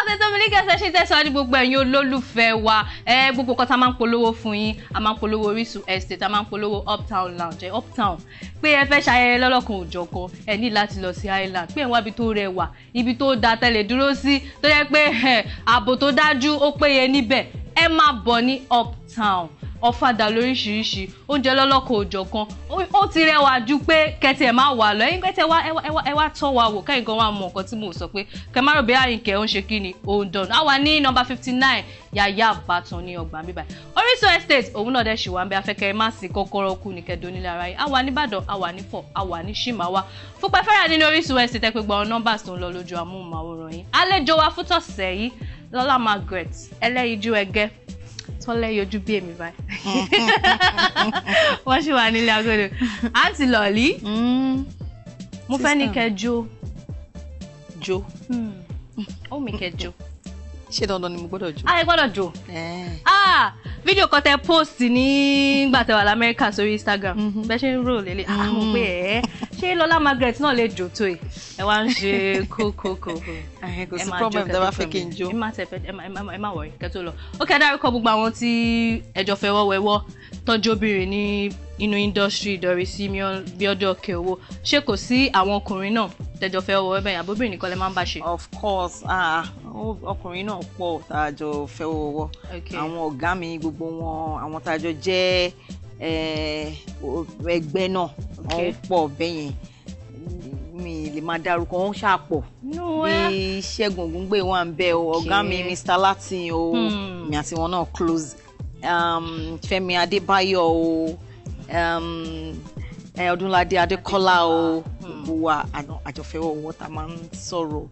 kọ́sẹ̀ tó mi ní ṣe tẹ̀sán ní gbogbo ẹ̀yin olólùfẹ́ wa ẹ gbogbo kan tá a máa ń polówó fún yín a máa ń polówó Orísun estate a máa ń polówó uptown lounge uptown pé ẹ fẹ́ ṣayẹyẹ lọ́lọ́kan òjọ̀kan ẹ ní láti lọ sí island pé ẹ ibi tó rẹwà ibi tó da tẹ́lẹ̀ dúró sí tó yẹ pé ààbò tó dájú ó péye níbẹ̀ ẹ máa bọ̀ ní uptown ọ̀fadà lóríṣiríṣi oúnjẹ lọ́lọ́kọ̀ òjọ̀kan ó ti rẹwà ju pé kẹtì ẹ̀ máa wà lọ ẹ̀yin kẹtì ẹ wá tọ́ wa wò kẹ́yìn gan wa mọ̀ nǹkan tí mò ń sọ pé kẹ má rò bí àyìnkẹ́ ó ń ṣe kí ni òun dọ̀nù àwa ní nọmba fifty nine yàyà àbátan ní ọgbà bíbá Orísun estate òun náà dẹ̀ ṣì wà ń bẹ afẹ́kẹ́ má sí kọ́kọ́rọ́ kù ní kẹdùn nílẹ̀ ara yìí àwa nìbàdàn àwa nípọ̀ àwa ní ṣìmáwá fúnpẹ́ fẹ́rẹ̀ nínú Orísun estate ẹ pé gbọ́n nọ́mbà tó ń lọ lójú amóhùnmáwòrán yìí àlejò wa Margaret ẹlẹ́yinjú ẹgẹ́ tọ́lẹ̀ yọjú bí èmi báyìí wọ́n ṣì wà nílé agodo àǹtí lọ́ọ̀lì mm. mo fẹ́ ní kẹ́ jó jó hmm. ó mi kẹ́ jó ṣé dandan ni mo gbọ́dọ̀ jó. ayé ah, gbọ́dọ̀ jó eh. ah, fídíò kan tẹ post nígbà tẹ wà lamẹ́ríkà sórí Instagram mhm. bẹ́ẹ̀ ṣe ń rò lélẹ̀ àwọn pé ẹ̀ ṣé lọ́lá Margaret náà lè jó tó yìí ẹ wá ń ṣe kókókó kò sí problem tẹ́ bá fẹ́ kí n jó ẹ má tẹ̀fẹ́ ẹ má wọ̀rí kẹ́ tó lọ ó kẹ́ dárúkọ gbogbo àwọn tí ẹjọ́ fẹ́ wọ́wẹ́wọ́ tọ́jú obìnrin ní inú industry ìdọ̀rí sí bíọ́dọ̀ ọ̀kẹ́ owó ṣé kò sí àwọn ọkùnrin náà tẹ́jọ́ fẹ́ wọ́wẹ́ bẹ́yìn àbóbìnrin nìkan lẹ máa ń bá ṣe. of course ah, ọkùnrin náà pọ̀ tààjọ fẹ́ wọ́wọ́ àwọn ọ̀gá mi gbogbo wọn àwọn tààjọ jẹ́ eh, ẹgbẹ́ náà wọ́n pọ̀ bẹ́ẹ̀ yẹn mi lè máa dárúkọ wọ́n ṣáà pọ̀ bí Ṣẹ́gun Ògúngbè wà ń bẹ o ọ̀gá mi Mr. Latin o hmm. mi àti wọn náà close um, Fẹ́mi Adébáyọ̀ o um, eh, Ọdúnládé Adékọ́lá o ah, hmm. gbogbo wa àjọfẹ́wọ̀ wọ́ta máa ń sọ̀rọ̀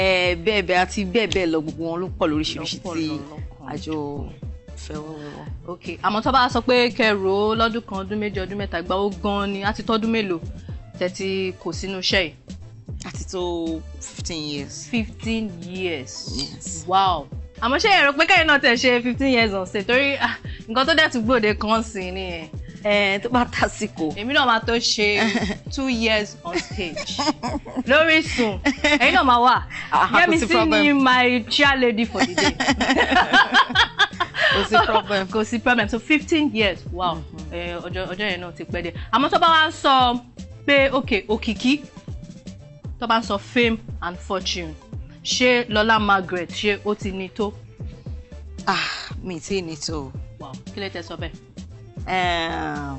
eh, bẹ́ẹ̀ bẹ́ẹ̀ àti bẹ́ẹ̀ bẹ́ẹ̀ lọ gbogbo wọn ló pọ̀ lóríṣiríṣi tí àjọ fẹ́wọ́ wọ́wọ́. ok àmọ́ tó bá sọ pé kẹrò lọ́dún kan ọdún méjì ọdún mẹ́ta gbà ó gan-an ni á ti tọ́dún mélòó tẹ́tí kò sínú iṣẹ́ yìí. àti tó fifteen years. fifteen years. yes. wow àmọ́ ṣé ẹ rò pé kẹ́yìn náà tẹ̀ ṣe fifteen years on ṣe torí ah, nǹkan tó dẹ̀ tún gbòde kan sí ni ẹ̀ tó bá tásìkò. èmi náà máa tó ṣe two years on stage lórí sùn ẹ̀yin náà máa wà Yẹ́misí ah, ni my chair lady for the day. kò sí problem kò sí problem so fifteen years wow mm-hmm. eh, ọjọ́ ọjọ́ yẹn náà ti pẹ́ díẹ̀ àmọ́ tó bá wá sọ pé ok òkìkí tó bá ń sọ fame and fortune ṣé Lọlá Margaret ṣé ó ti ní tó. ah mi ì ní tó wow kí lè tẹ sọ bẹ́ẹ̀. Ehm,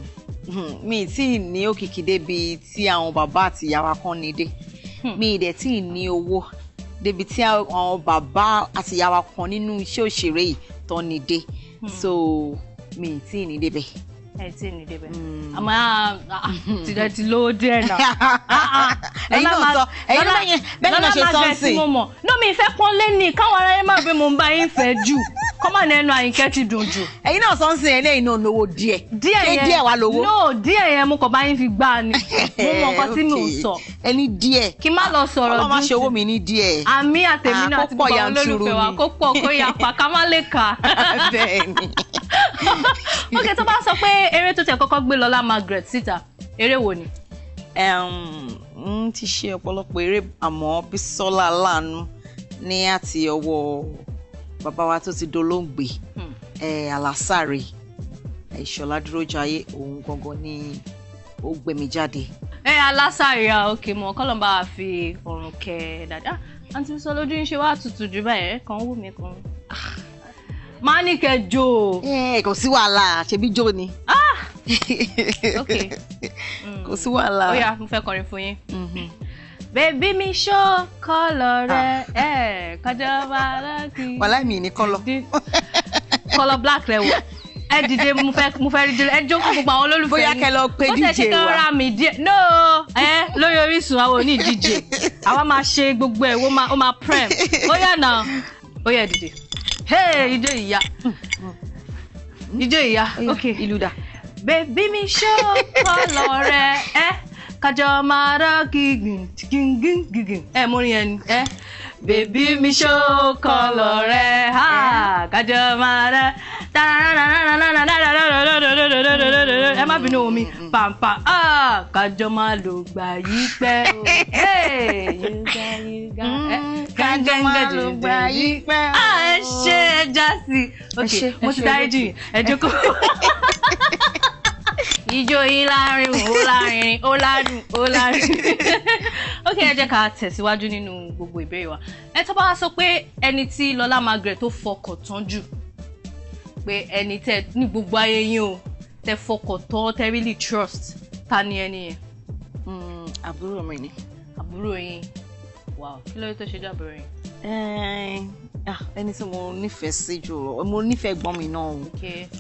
hmm, mi ì tí ì ní òkìkí débi tí àwọn bàbá àti ìyá wa kan ní dé hmm. mi ì dẹ̀ tí ì ní owó débi tí àwọn bàbá àti ìyá kan nínú iṣẹ́ òṣèré yìí tán ni dé hmm. so mi ì tí ì ní débẹ̀ ẹ tí ì ní débẹ̀. Hmm. àmọ́ ah, ah, ah, tìrẹ ti lówó díẹ̀ náà. ẹyin náà sọ ẹyin náà yẹn bẹ́ẹ̀ náà ṣe sọ́ọ̀sì. náà mi fẹ́ pọ́n lé ní káwọn aráyé máa gbé mo ń bá yín fẹ́ jù kọ́mọ̀ ní ẹnu àyìnkẹ́ ti dùn jù. ẹyin náà sọ́ọ̀sì yẹn lẹ́yìn náà lówó díẹ̀. díẹ̀ yẹn ṣé díẹ̀ wà lówó. no díẹ̀ yẹn mo kàn bá yín fi gbá a ni mo mọ nǹkan tí mi ò sọ. ẹni díẹ̀ kí n má lọ sọ̀rọ̀ dùn sí. ọmọ máa ṣe owó mi ní díẹ̀. àmì àtẹ̀mí náà ti bọ̀ olólùfẹ́ wa kó pọ̀ kó yapa ká má lè kà. bẹ́ẹ̀ ni. ok tó bá sọ pé eré tó tẹ kọ́kọ́ gbé Lọlá Margaret síta eré wo ni. n ti ṣe ọ̀pọ̀lọpọ̀ eré àmọ́ Bísọ́lá Láàánú ní àti ọwọ́ bàbá wa tó ti dolóògbé hmm. Alásàrè Ìṣọ̀lá Dúrójayé òun gangan ni ó gbẹ̀mí jáde. ẹ Alásàrè a ah, òkè mọ kọlọmbà fi ọrùn kẹ dáadáa àǹtí sọ lójú ń ṣe wá tutù jù báyìí kàn wù mí kan máa ní kẹ́ jó o. kò sí wàhálà ṣebí jó ni. Ah! Mm. kò sí wàhálà. ó yá mo fẹ́ kọrin fún yín. Mhm. bèbí mi ṣó kọ́lọ̀ rẹ ah. ẹ kọjọba lọ́kì. wàhálà mi ní kọ́lọ̀. kọ́lọ̀ black rẹ wò ẹ dìde mo fẹ́ mo fẹ́ rí dìde ẹ jókòó gbogbo àwọn olólùfẹ́ yín bóyá kẹ́ lọ pé díje wa bó ṣe ṣe kẹ́ ra mi díẹ̀ no ẹ lórí Orísun àwọn ò ní díje àwa máa ṣe gbogbo ẹ̀ ó máa prem bóyá náà ó dìde. Hey, ijó ìyá. Ijó ìyá. Okay. Ìlú dà. Bèbí mi ṣó kọ́lọ̀ rẹ̀ ẹ́ kájọ máa rọ́ gígùn gígùn gígùn ẹ̀ mú rin ẹni ẹ́. Bèbí mi ṣó kọ́lọ̀ rẹ̀ ha kájọ máa rẹ̀ ẹ má bínú omi pàmpà kájọ máa lò gbà yí pẹ́ o gẹ́ngẹ́ jẹ̀jẹ̀ yìí à ẹ ṣe ẹ já sí ok mo ti dárí jù yín ẹ jókòó. ìjó yìí láàrin ó láàrin ó ládùn ó láàrin ok ẹ jẹ́ ká tẹ̀síwájú nínú gbogbo ìbéèrè wa ẹ tó bá wá sọ pé ẹni tí Lọlá Margaret tó fọkàn tán jù pé ẹni tẹ ní gbogbo ayé yín o tẹ fọkàn tán tẹ really trust ta ni ẹni yẹn. Hmm, àbúrò mi ni. àbúrò yín wow kí ló dé tó ṣe jábọ̀ rẹ̀ yín. Eh, ah, ẹni tí mo nífẹ̀ẹ́ sí jù lọ mo nífẹ̀ẹ́ gbọ́n mi náà o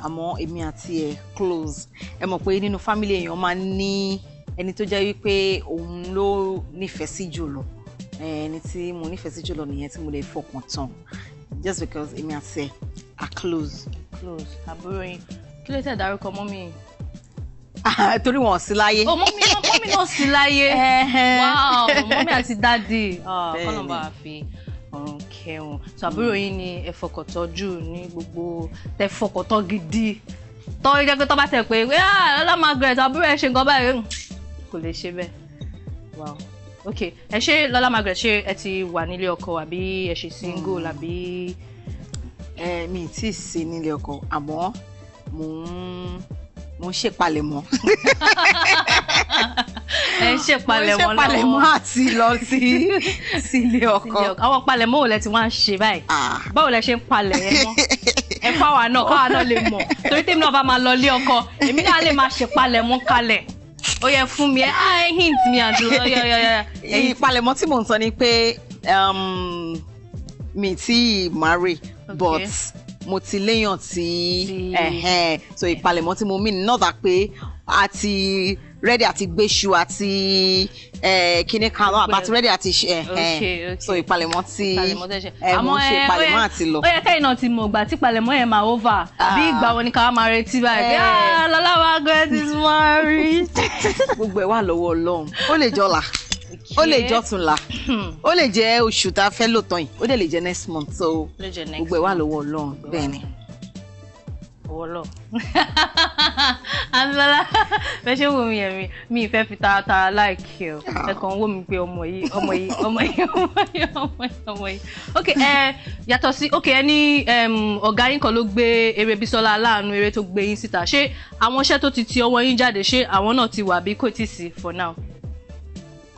àmọ́ èmi àti ẹ̀ close ẹ mọ̀ pé nínú family èèyàn máa ń ní ẹni tó jẹ́ wípé òun ló nífẹ̀ẹ́ sí jù eh, ẹni tí mo nífẹ̀ẹ́ sí jù nìyẹn tí mo lè fọkàn tán just because èmi àti ẹ̀ are close. close àbúrò yín kí ló tẹ̀ dárúkọ mọ́ mi ah, torí wọn ò sí láyé. o mọ́mí náà mọ́mí náà sí láyé. Eh, wow mọ́mí àti dádì kọ́nà bá a fi kẹrùn so àbúrò yín ni ẹ fọkàntọ́jú ní gbogbo tẹ fọkàntọ́ gidi tọ́ ẹ pé tọ́ bá tẹ̀ pé lọ́lá Margaret àbúrò ẹ ṣe nǹkan báyìí hmm, kò lè ṣe bẹ́ẹ̀ wow ok ẹ ṣe lọ́lá Margaret ṣe ẹ ti wà nílé ọkọ àbí ẹ ṣe single àbí. ẹ mi tí ì nílé ọkọ àmọ́ mò ń mò ń ṣèpalẹ̀mọ́. ẹ ń ṣèpalẹ̀mọ́ lọ́wọ́ ṣèpalẹ̀mọ́ àti lọ sí sílé ọkọ àwọn palẹ̀mọ́ ò lẹ ti wá ń ṣe báyìí báwo lẹ ṣe ń palẹ̀ yẹn mọ́ ẹ fáwa náà káwa náà lè mọ̀ torí tèmi náà bá máa lọ ilé ọkọ èmi náà lè máa ṣèpalẹ̀mọ́ kalẹ̀ ó yẹ fún mi ẹ á hint mi àdúrà yọyọyọ. ìpalẹ̀mọ́ tí mò ń sọ ni pé um, mi tí ì marry but mo ti léèyàn tí so ìpalẹ̀mọ́ tí mo mean not that pé a ti ready àti gbéṣu àti kíní kan lọ àbá ti ready àti so ìpalẹ̀mọ́ ti mo ṣe ìpalẹ̀mọ́ àti lọ. ó yẹ kẹ́yìn náà ti mọ̀ ìgbà tí ìpalẹ̀mọ́ yẹn máa over bí ah. ìgbà wo ni káwọn máa retí báyìí lọ́láwà girls is married. gbogbo ẹ̀ wà lọ́wọ́ ọlọ́run ó lè jọlá ó lè jọ tùnlá hmm. ó lè jẹ́ oṣù tá a fẹ́ lò tán yìí ó dẹ̀ lè jẹ́ next month so gbogbo ẹ̀ wà lọ́wọ́ ọlọ́run bẹ́ẹ̀ ni wọlọ Anzola bẹ ṣe wù mí yẹn mi mi ìfẹ́ fi taratara láìkí ọ ah. ẹ̀kan wò mí pé ọmọ yìí ọmọ yìí ọmọ yìí ọmọ yìí ọmọ yìí ọmọ yìí ok ẹ yàtọ̀ sí ok ẹ ní ọ̀gá yín kan ló gbé eré Bísọ́lá Aláàánú eré tó gbé yín síta ṣé àwọn iṣẹ́ tó ti ti ọwọ́ yín jáde ṣé àwọn náà ti wà bí kò tí sí for now.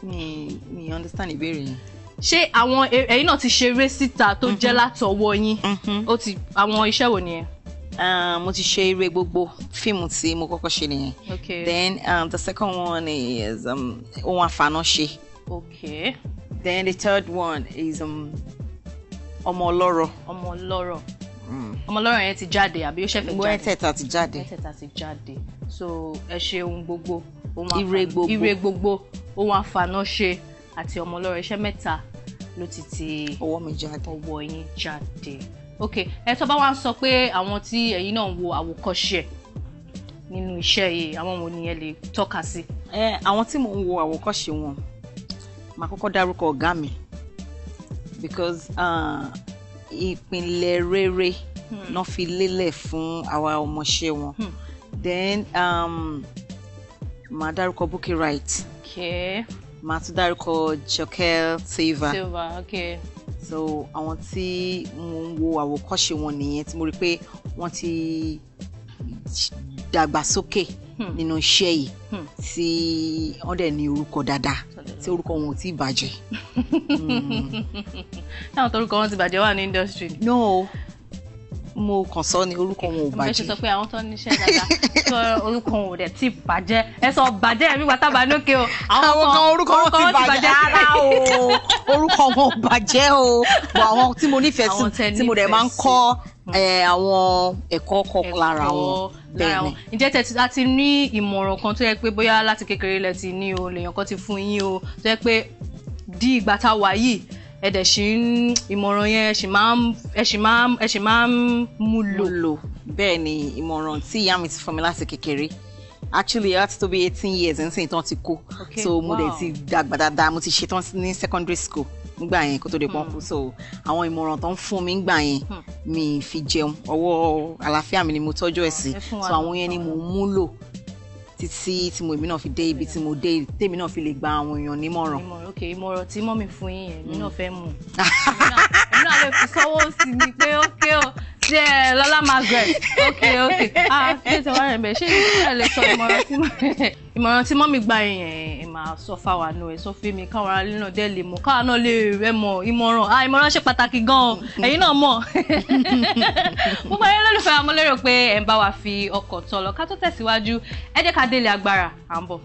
mi mi understand ìbéèrè yẹn ṣé àwọn ẹ̀yin náà ti ṣeré síta tó jẹ́ mm-hmm. látọwọ́ yín mm-hmm. ó ti àwọn iṣẹ́ wo nìyẹn um, mo ti ṣe eré gbogbo fíìmù tí mo kọ́kọ́ ṣe nìyẹn okay. then um, the second one is um, ohun um, àfànàṣe okay. then the third one is um, ọmọ ọlọ́rọ̀. ọmọ ọlọ́rọ̀ hmm. ọmọ ọlọ́rọ̀ yẹn ti jáde àbí ó ṣẹ̀fẹ̀ jáde mẹ́tẹ̀ẹ̀ta ti jáde mẹ́tẹ̀ẹ̀ta ti jáde so ẹ ṣe ohun gbogbo ire gbogbo ohun àfànàṣe àti ọmọ ọlọ́rọ̀ iṣẹ́ mẹ́ta ló ti ti ọwọ́ mi jáde ọwọ́ yín jáde ok ẹ tó bá wá sọ pé àwọn tí ẹ̀yin náà ń wo àwòkọ́ṣe nínú iṣẹ́ yìí àwọn wo ni ẹ lè tọ́ka sí. ẹ àwọn tí mò ń wo àwòkọ́ṣe wọn màá kọ́kọ́ dárúkọ ọ̀gá mi because ìpìlẹ̀ uh, rere hmm. náà fi lélẹ̀ fún àwa ọmọọṣẹ́ wọn hmm. then um, màá dárúkọ Bukky Wright okay. màá tún dárúkọ Jokel Silva. Silva okay so àwọn tí mo ń wo àwòkọ́ṣe wọn nìyẹn tí mo rí pé wọ́n ti dàgbàsókè hmm. nínú iṣẹ́ yìí hmm. tí wọ́n dẹ̀ ní orúkọ dáadáa tí orúkọ wọn ò tí bàjẹ́. táwọn hmm. torúkọ wọn ti bàjẹ́ wà ní industry. no mo kàn sọ ni orúkọ wọn ò bàjẹ́. ẹ ṣe sọ pé àwọn tó ní iṣẹ́ dáadáa sọ orúkọ wọn ò dẹ̀ tí bàjẹ́ ẹ sọ bàjẹ́ ẹ̀mí wa lókè o. àwọn kan orúkọ wọn ti bàjẹ́ ara o orúkọ wọn ò bàjẹ́ o àwọn tí mo nífẹ̀ẹ́ sí tí mo dẹ̀ máa ń kọ́ eh, àwọn ẹ̀kọ́ kọ̀ọ̀kan lára wọn ǹjẹ́ tẹ̀ tí ní ìmọ̀ràn kan tó yẹ pé bóyá láti kékeré lẹ ti ní o lèèyàn kan ti fún yín o tó yẹ pé di ìgbà tá a wà yìí ẹ dẹ̀ ń ìmọ̀ràn yẹn ẹ ṣì máa ń ẹ ṣì bẹ́ẹ̀ ni ìmọ̀ràn tí ìyá mi ti fún mi láti kékeré actually I had to be eighteen years nísìnyí tán ti kó so mo dẹ̀ ti dàgbà dáadáa mo ti ṣetán ní secondary school ngbà yẹn kó tó de pọ́n hmm. so àwọn ìmọ̀ràn tó ń fún mi ngbà yẹn hmm. mi fi jẹun ọwọ́ àlàáfíà mi ni mo tọ́jú ẹ̀ sí so àwọn yẹn ni mo ń múlò títí tí mo èmi náà fi dé ibi tí mo dé tèmi náà fi lè gba àwọn èèyàn nímọ̀ràn. ok ìmọ̀ràn tí mọ́mì fún yín yẹn èmi náà mm. fẹ́ mú èmi náà lè fi sọ́wọ́ sí mi pé ókè o ṣe ẹ lọ́lá margaret ok ok ah ṣé ti wá rẹ̀ bẹ́ẹ̀ ṣé ẹ lè sọ ìmọ̀ràn tí ìmọ̀ràn tí mọ́mí gba yẹn ẹ máa sọ fáwa náà ẹ sọ fún mi káwọn aráàlú náà dẹ́ lè mọ̀ káwa náà lè rẹ mọ̀ ìmọ̀ràn ah ìmọ̀ràn ṣe pàtàkì gan-an ẹ̀yin náà mọ̀ gbogbo ẹ̀yin lólùfẹ́ amúlérò pé ẹ̀ ń bá wa fi ọkọ̀ tọ̀ lọ ká tó tẹ̀síwájú ẹ jẹ́ ká délé agbára à ń bọ̀.